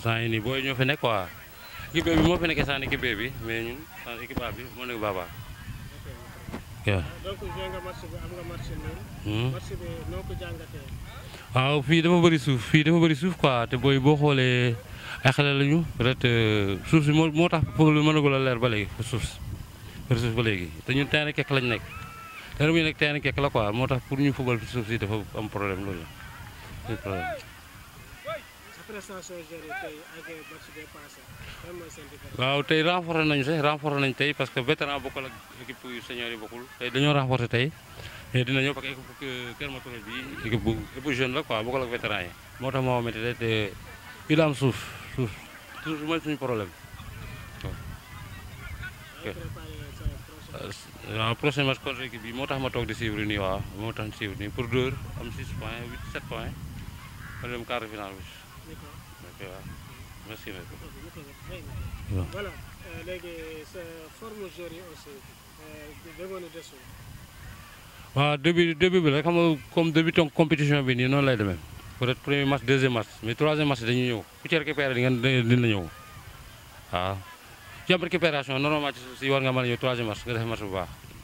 sant yi nii booy ñoo fi nekk quoi équipe bi moo fi nekkee sant équipe bi mais ñun sant équipe bi moo nekk Baba. donc joué hmm? waaw fii dafa bëri suuf fii dafa bari suuf quoi te booy boo xoolee ay xale lañu ret euh, suuf si moo moo tax pour lu mënagul a leer ba léegi suuf si pour suuf ba léegi te ñun terrain kekk lañ nekk terrain bu ñu nekk terrain kekk la quoi moo tax pour ñu football suuf si dafa am problème loolu la waaw tey renforcer nañu sax renforcer nañu tey parce que vétéran bokkul ak équipe yu senior yi bokkul tey dañoo renforcer tey dina ñëw parce que équipe euh, Kër Matola bi équipe bu équipe jeune la quoi bokkul ak vétéran yi moo tax moo xamante ne te il am suuf suuf suuf mooy suñu problème waaw euh, prochain match contre bi moo tax ma toog di suivre nii waaw moo tax ma suivre nii pour deux am 6 points 8 7 points ma dem quart de finale bi merci beaucoup. voilà euh, léegi sa forme joueur ah, bi rek xam nga comme début donc compétition bi nii noonu lay demee peut-être premier match deuxième match mais troisième match dañuy ñëw ku ci récupéré di nga dina ñëw waaw. ci am récupération normalement ci war nga mën a ñëw troisième match nga def match bu baax.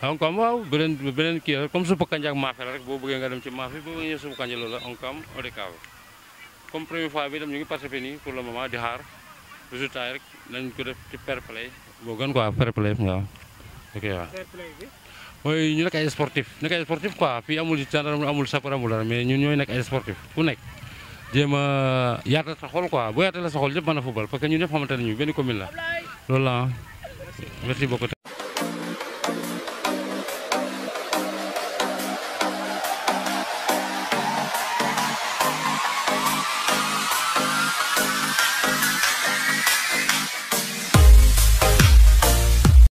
xam kam beren beren beneen kii la comme suppa kanjak maafe la rek boo bëggee nga dem ci maafe boo bëggee iya suppa kanja loolu la on kam odekaave comme première fois bi dem ñu ngi participé nii pour le moment di xaar résultat yi rek nañ ko def ci fair play boo gën quoi fair play waaw ok waaw mooy ñu nekk ay sportif nekk ay sportif quoi fii amul gendarme amul sapeur amul dara mais ñun ñooy nekk ay sportif ku nekk Jema a yaatal sa xol quoi boo yaatalee sa xol ñëpp mën a football parce que ñun ñëpp xamante nañu benn commune la loolu la merci beaucoup